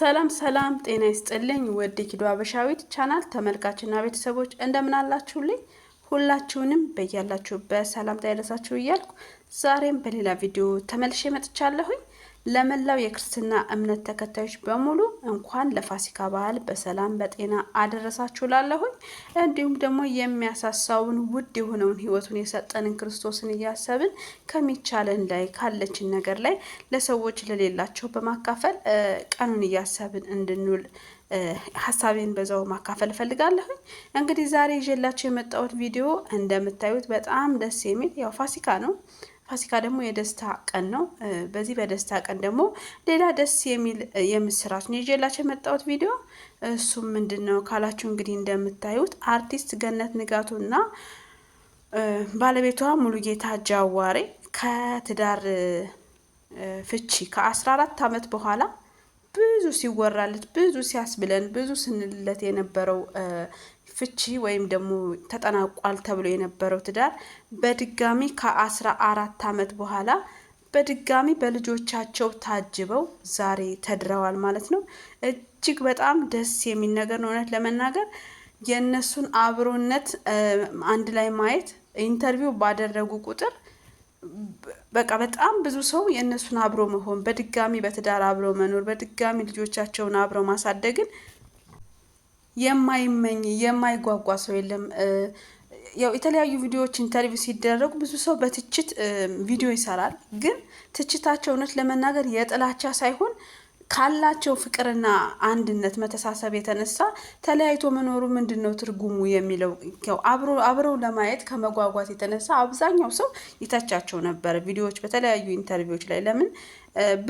ሰላም ሰላም፣ ጤና ይስጥልኝ ውድ ኪዶ አበሻዊት ቻናል ተመልካችና ቤተሰቦች እንደምን አላችሁልኝ? ሁላችሁንም በያላችሁበት ሰላምታ ያደረሳችሁ እያልኩ ዛሬም በሌላ ቪዲዮ ተመልሼ መጥቻለሁኝ። ለመላው የክርስትና እምነት ተከታዮች በሙሉ እንኳን ለፋሲካ በዓል በሰላም በጤና አደረሳችሁ ላለሁኝ እንዲሁም ደግሞ የሚያሳሳውን ውድ የሆነውን ሕይወቱን የሰጠንን ክርስቶስን እያሰብን ከሚቻለን ላይ ካለችን ነገር ላይ ለሰዎች ለሌላቸው በማካፈል ቀኑን እያሰብን እንድንውል ሀሳቤን በዛው ማካፈል እፈልጋለሁኝ። እንግዲህ ዛሬ ይዤላቸው የመጣሁት ቪዲዮ እንደምታዩት በጣም ደስ የሚል ያው ፋሲካ ነው ፋሲካ ደግሞ የደስታ ቀን ነው። በዚህ በደስታ ቀን ደግሞ ሌላ ደስ የሚል የምስራች ነው ይዤላቸው የመጣሁት ቪዲዮ። እሱም ምንድን ነው ካላችሁ እንግዲህ እንደምታዩት አርቲስት ገነት ንጋቱና ባለቤቷ ሙሉጌታ ጃዋሬ ከትዳር ፍቺ ከአስራ አራት ዓመት በኋላ ብዙ ሲወራለት ብዙ ሲያስብለን ብዙ ስንልለት የነበረው ፍቺ ወይም ደግሞ ተጠናቋል ተብሎ የነበረው ትዳር በድጋሚ ከአስራ አራት ዓመት በኋላ በድጋሚ በልጆቻቸው ታጅበው ዛሬ ተድረዋል ማለት ነው። እጅግ በጣም ደስ የሚል ነገር ነው። እውነት ለመናገር የእነሱን አብሮነት አንድ ላይ ማየት ኢንተርቪው ባደረጉ ቁጥር በቃ በጣም ብዙ ሰው የእነሱን አብሮ መሆን በድጋሚ በትዳር አብሮ መኖር በድጋሚ ልጆቻቸውን አብረው ማሳደግን የማይመኝ የማይጓጓ ሰው የለም። ያው የተለያዩ ቪዲዮዎች ኢንተርቪው ሲደረጉ ብዙ ሰው በትችት ቪዲዮ ይሰራል። ግን ትችታቸው እውነት ለመናገር የጥላቻ ሳይሆን ካላቸው ፍቅርና አንድነት መተሳሰብ የተነሳ ተለያይቶ መኖሩ ምንድን ነው ትርጉሙ የሚለው አብረው ለማየት ከመጓጓት የተነሳ አብዛኛው ሰው ይተቻቸው ነበር። ቪዲዮዎች በተለያዩ ኢንተርቪዎች ላይ ለምን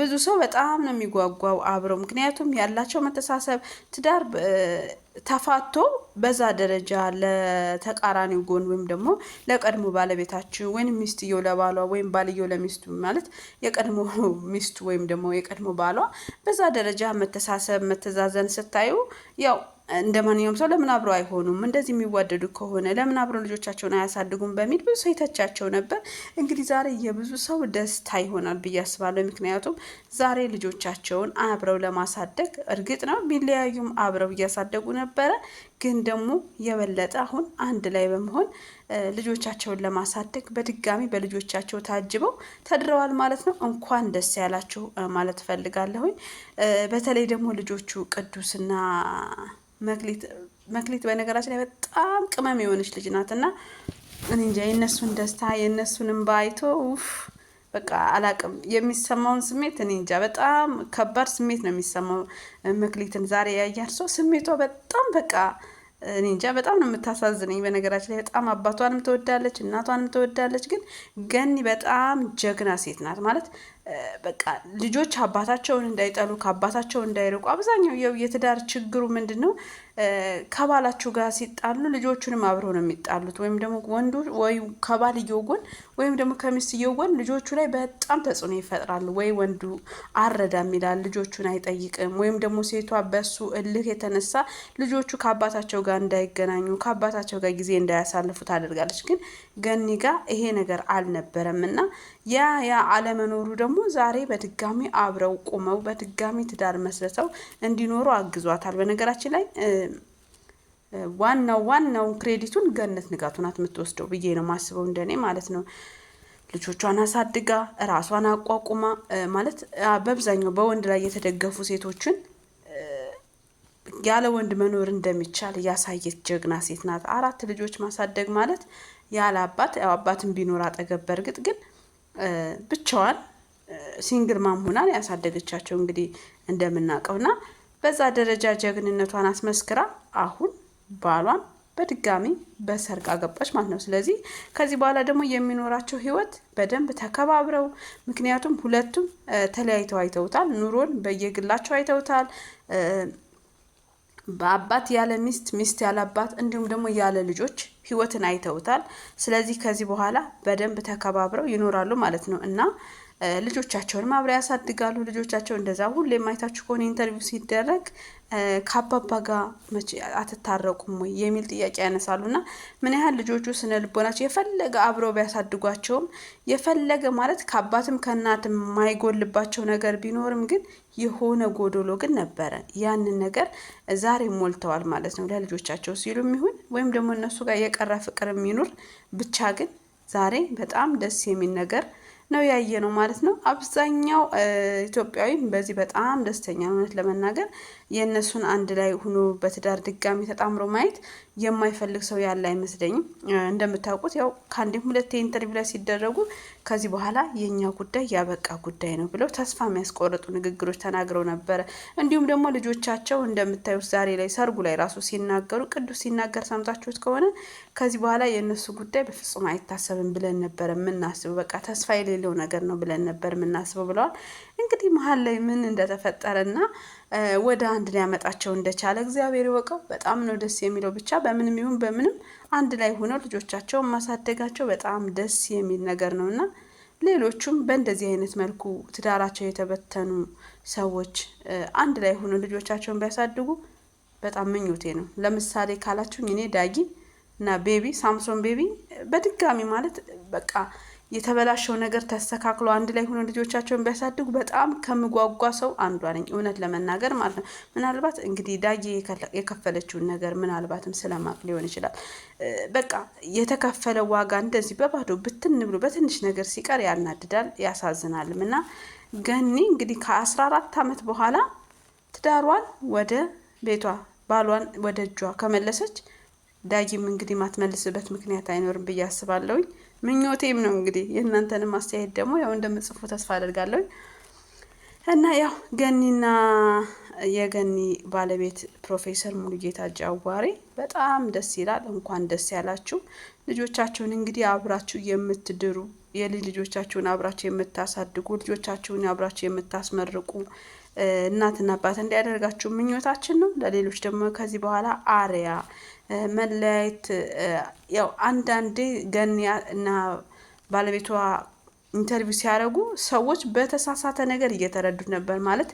ብዙ ሰው በጣም ነው የሚጓጓው አብረው ምክንያቱም ያላቸው መተሳሰብ ትዳር ተፋቶ በዛ ደረጃ ለተቃራኒው ጎን ወይም ደግሞ ለቀድሞ ባለቤታችን ወይም ሚስትየው ለባሏ ወይም ባልየው ለሚስቱ ማለት የቀድሞ ሚስቱ ወይም ደግሞ የቀድሞ ባሏ በዛ ደረጃ መተሳሰብ፣ መተዛዘን ስታዩ ያው እንደ ማንኛውም ሰው ለምን አብረው አይሆኑም? እንደዚህ የሚዋደዱ ከሆነ ለምን አብረው ልጆቻቸውን አያሳድጉም? በሚል ብዙ ሰው ይተቻቸው ነበር። እንግዲህ ዛሬ የብዙ ሰው ደስታ ይሆናል ብዬ አስባለሁ። ምክንያቱም ዛሬ ልጆቻቸውን አብረው ለማሳደግ እርግጥ ነው ቢለያዩም አብረው እያሳደጉ ነበረ፣ ግን ደግሞ የበለጠ አሁን አንድ ላይ በመሆን ልጆቻቸውን ለማሳደግ በድጋሚ በልጆቻቸው ታጅበው ተድረዋል ማለት ነው። እንኳን ደስ ያላችሁ ማለት እፈልጋለሁኝ። በተለይ ደግሞ ልጆቹ ቅዱስና መክሊት መክሊት በነገራችን ላይ በጣም ቅመም የሆነች ልጅ ናት እና እኔ እንጃ የእነሱን ደስታ የእነሱን እንባ አይቶ ውፍ በቃ አላቅም የሚሰማውን ስሜት እኔ እንጃ። በጣም ከባድ ስሜት ነው የሚሰማው። መክሊትን ዛሬ ያያል ሰው ስሜቷ በጣም በቃ እኔ እንጃ በጣም ነው የምታሳዝነኝ። በነገራችን ላይ በጣም አባቷንም ትወዳለች፣ እናቷንም ትወዳለች። ግን ገኒ በጣም ጀግና ሴት ናት ማለት በቃ ልጆች አባታቸውን እንዳይጠሉ ከአባታቸው እንዳይርቁ። አብዛኛው የትዳር ችግሩ ምንድን ነው? ከባላችሁ ጋር ሲጣሉ ልጆቹንም አብረው ነው የሚጣሉት። ወይም ደግሞ ወንዱ ወይ ከባልየው ጎን ወይም ደግሞ ከሚስትየው ጎን ልጆቹ ላይ በጣም ተጽዕኖ ይፈጥራሉ። ወይ ወንዱ አረዳም ይላል፣ ልጆቹን አይጠይቅም። ወይም ደግሞ ሴቷ በሱ እልህ የተነሳ ልጆቹ ከአባታቸው ጋር እንዳይገናኙ ከአባታቸው ጋር ጊዜ እንዳያሳልፉ ታደርጋለች። ግን ገኒ ጋር ይሄ ነገር አልነበረም እና ያ ያ አለመኖሩ ደግሞ ዛሬ በድጋሚ አብረው ቁመው በድጋሚ ትዳር መስርተው እንዲኖሩ አግዟታል። በነገራችን ላይ ዋናው ዋናውን ክሬዲቱን ገነት ንጋቱ ናት የምትወስደው ብዬ ነው ማስበው፣ እንደኔ ማለት ነው። ልጆቿን አሳድጋ ራሷን አቋቁማ ማለት በአብዛኛው በወንድ ላይ የተደገፉ ሴቶችን ያለ ወንድ መኖር እንደሚቻል ያሳየች ጀግና ሴት ናት። አራት ልጆች ማሳደግ ማለት ያለ አባት ያው አባትን ቢኖር አጠገብ በእርግጥ ግን ብቻዋን ሲንግል ማም ሆና ያሳደገቻቸው እንግዲህ እንደምናውቀው እና በዛ ደረጃ ጀግንነቷን አስመስክራ አሁን ባሏን በድጋሚ በሰርግ አገባች ማለት ነው። ስለዚህ ከዚህ በኋላ ደግሞ የሚኖራቸው ህይወት በደንብ ተከባብረው፣ ምክንያቱም ሁለቱም ተለያይተው አይተውታል። ኑሮን በየግላቸው አይተውታል። በአባት ያለ ሚስት፣ ሚስት ያለ አባት እንዲሁም ደግሞ ያለ ልጆች ህይወትን አይተውታል። ስለዚህ ከዚህ በኋላ በደንብ ተከባብረው ይኖራሉ ማለት ነው እና ልጆቻቸውን አብረው ያሳድጋሉ። ልጆቻቸው እንደዛ ሁሌ የማይታችሁ ከሆነ ኢንተርቪው ሲደረግ ከአባባ ጋር መቼ አትታረቁም ወይ የሚል ጥያቄ ያነሳሉ እና ምን ያህል ልጆቹ ስነ ልቦናቸው የፈለገ አብረው ቢያሳድጓቸውም የፈለገ ማለት ከአባትም ከእናትም የማይጎልባቸው ነገር ቢኖርም ግን የሆነ ጎዶሎ ግን ነበረ። ያንን ነገር ዛሬ ሞልተዋል ማለት ነው ለልጆቻቸው ሲሉ ይሁን ወይም ደግሞ እነሱ ጋር የቀረ ፍቅር የሚኖር ብቻ ግን ዛሬ በጣም ደስ የሚል ነገር ነው ያየ ነው ማለት ነው። አብዛኛው ኢትዮጵያዊም በዚህ በጣም ደስተኛ እውነት ለመናገር የእነሱን አንድ ላይ ሁኖ በትዳር ድጋሚ ተጣምሮ ማየት የማይፈልግ ሰው ያለ አይመስለኝም። እንደምታውቁት ያው ከአንዴም ሁለቴ ኢንተርቪው ላይ ሲደረጉ ከዚህ በኋላ የእኛ ጉዳይ ያበቃ ጉዳይ ነው ብለው ተስፋ የሚያስቆርጡ ንግግሮች ተናግረው ነበረ። እንዲሁም ደግሞ ልጆቻቸው እንደምታዩት ዛሬ ላይ ሰርጉ ላይ ራሱ ሲናገሩ ቅዱስ ሲናገር ሰምታችሁት ከሆነ ከዚህ በኋላ የእነሱ ጉዳይ በፍጹም አይታሰብም ብለን ነበር የምናስበው፣ በቃ ተስፋ የሌለው ነገር ነው ብለን ነበር የምናስበው ብለዋል። እንግዲህ መሀል ላይ ምን እንደተፈጠረና ወደ አንድ ሊያመጣቸው እንደቻለ እግዚአብሔር ይወቀው። በጣም ነው ደስ የሚለው። ብቻ በምንም ይሁን በምንም አንድ ላይ ሆነው ልጆቻቸውን ማሳደጋቸው በጣም ደስ የሚል ነገር ነው እና ሌሎቹም በእንደዚህ አይነት መልኩ ትዳራቸው የተበተኑ ሰዎች አንድ ላይ ሆነው ልጆቻቸውን ቢያሳድጉ በጣም ምኞቴ ነው። ለምሳሌ ካላችሁኝ እኔ ዳጊ እና ቤቢ ሳምሶን ቤቢ በድጋሚ ማለት በቃ የተበላሸው ነገር ተስተካክሎ አንድ ላይ ሆኖ ልጆቻቸውን ቢያሳድጉ በጣም ከምጓጓ ሰው አንዷ ነኝ፣ እውነት ለመናገር ማለት ነው። ምናልባት እንግዲህ ዳጊ የከፈለችውን ነገር ምናልባትም ስለማቅ ሊሆን ይችላል። በቃ የተከፈለ ዋጋ እንደዚህ በባዶ ብትን ብሎ በትንሽ ነገር ሲቀር ያናድዳል፣ ያሳዝናልም እና ገኒ እንግዲህ ከአስራ አራት ዓመት በኋላ ትዳሯን ወደ ቤቷ ባሏን ወደ እጇ ከመለሰች ዳጊም እንግዲህ ማትመልስበት ምክንያት አይኖርም ብዬ አስባለሁኝ። ምኞቴም ነው እንግዲህ የእናንተንም አስተያየት ደግሞ ያው እንደምጽፉ ተስፋ አደርጋለሁ እና ያው ገኒና የገኒ ባለቤት ፕሮፌሰር ሙሉጌታ ጃዋሬ በጣም ደስ ይላል። እንኳን ደስ ያላችሁ። ልጆቻችሁን እንግዲህ አብራችሁ የምትድሩ የልጅ ልጆቻችሁን አብራችሁ የምታሳድጉ ልጆቻችሁን አብራችሁ የምታስመርቁ እናትና አባት እንዲያደርጋችሁ ምኞታችን ነው። ለሌሎች ደግሞ ከዚህ በኋላ አሪያ መለያየት ያው አንዳንዴ ገን እና ባለቤቷ ኢንተርቪው ሲያደርጉ ሰዎች በተሳሳተ ነገር እየተረዱት ነበር። ማለት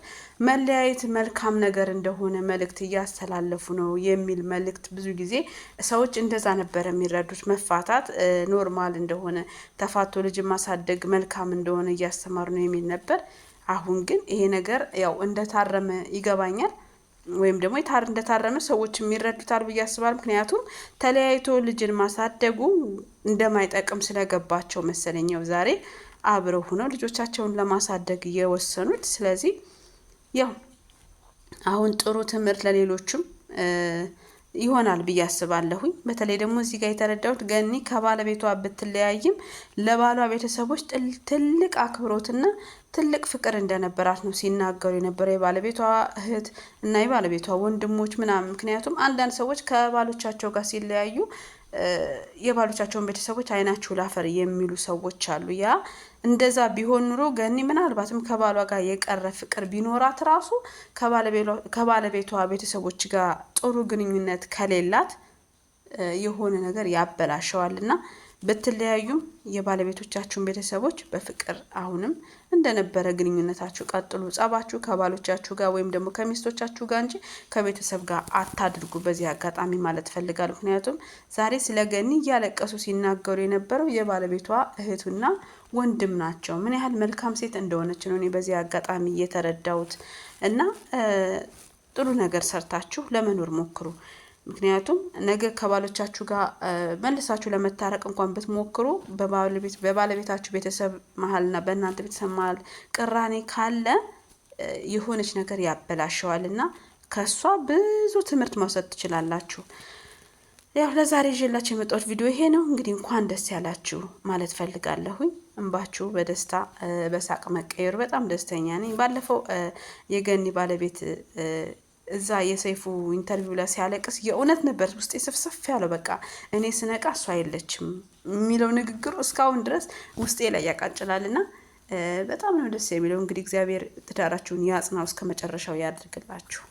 መለያየት መልካም ነገር እንደሆነ መልእክት እያስተላለፉ ነው የሚል መልእክት ብዙ ጊዜ ሰዎች እንደዛ ነበር የሚረዱት። መፋታት ኖርማል እንደሆነ፣ ተፋቶ ልጅ ማሳደግ መልካም እንደሆነ እያስተማሩ ነው የሚል ነበር። አሁን ግን ይሄ ነገር ያው እንደታረመ ይገባኛል። ወይም ደግሞ የታር እንደታረመ ሰዎች የሚረዱታል ብዬ አስባል ምክንያቱም ተለያይቶ ልጅን ማሳደጉ እንደማይጠቅም ስለገባቸው መሰለኛው ዛሬ አብረው ሆነው ልጆቻቸውን ለማሳደግ እየወሰኑት። ስለዚህ ያው አሁን ጥሩ ትምህርት ለሌሎችም ይሆናል ብዬ አስባለሁኝ። በተለይ ደግሞ እዚህ ጋር የተረዳሁት ገኒ ከባለቤቷ ብትለያይም ለባሏ ቤተሰቦች ትልቅ አክብሮትና ትልቅ ፍቅር እንደነበራት ነው ሲናገሩ የነበረ የባለቤቷ እህት እና የባለቤቷ ወንድሞች ምናምን። ምክንያቱም አንዳንድ ሰዎች ከባሎቻቸው ጋር ሲለያዩ የባሎቻቸውን ቤተሰቦች አይናችሁ ላፈር የሚሉ ሰዎች አሉ። ያ እንደዛ ቢሆን ኑሮ ገኒ ምናልባትም ከባሏ ጋር የቀረ ፍቅር ቢኖራት ራሱ ከባለቤቷ ቤተሰቦች ጋር ጥሩ ግንኙነት ከሌላት የሆነ ነገር ያበላሸዋል እና ብትለያዩም የባለቤቶቻችሁን ቤተሰቦች በፍቅር አሁንም እንደነበረ ግንኙነታችሁ ቀጥሉ። ጸባችሁ ከባሎቻችሁ ጋር ወይም ደግሞ ከሚስቶቻችሁ ጋር እንጂ ከቤተሰብ ጋር አታድርጉ። በዚህ አጋጣሚ ማለት ፈልጋል ምክንያቱም ዛሬ ስለ ገኒ እያለቀሱ ሲናገሩ የነበረው የባለቤቷ እህቱና ወንድም ናቸው። ምን ያህል መልካም ሴት እንደሆነች ነው እኔ በዚህ አጋጣሚ እየተረዳሁት እና ጥሩ ነገር ሰርታችሁ ለመኖር ሞክሩ። ምክንያቱም ነገ ከባሎቻችሁ ጋር መልሳችሁ ለመታረቅ እንኳን ብትሞክሩ በባለቤታችሁ ቤተሰብ መሀልና በእናንተ ቤተሰብ መሀል ቅራኔ ካለ የሆነች ነገር ያበላሸዋል እና ከእሷ ብዙ ትምህርት መውሰድ ትችላላችሁ። ያው ለዛሬ ይዤላችሁ የመጣሁት ቪዲዮ ይሄ ነው። እንግዲህ እንኳን ደስ ያላችሁ ማለት ፈልጋለሁኝ። እንባችሁ በደስታ በሳቅ መቀየሩ በጣም ደስተኛ ነኝ። ባለፈው የገኒ ባለቤት እዛ የሰይፉ ኢንተርቪው ላይ ሲያለቅስ የእውነት ነበር ውስጤ ስፍስፍ ያለው። በቃ እኔ ስነቃ እሷ የለችም የሚለው ንግግሩ እስካሁን ድረስ ውስጤ ላይ ያቃጭላል እና በጣም ነው ደስ የሚለው። እንግዲህ እግዚአብሔር ትዳራችሁን ያጽናው፣ እስከ መጨረሻው ያደርግላችሁ።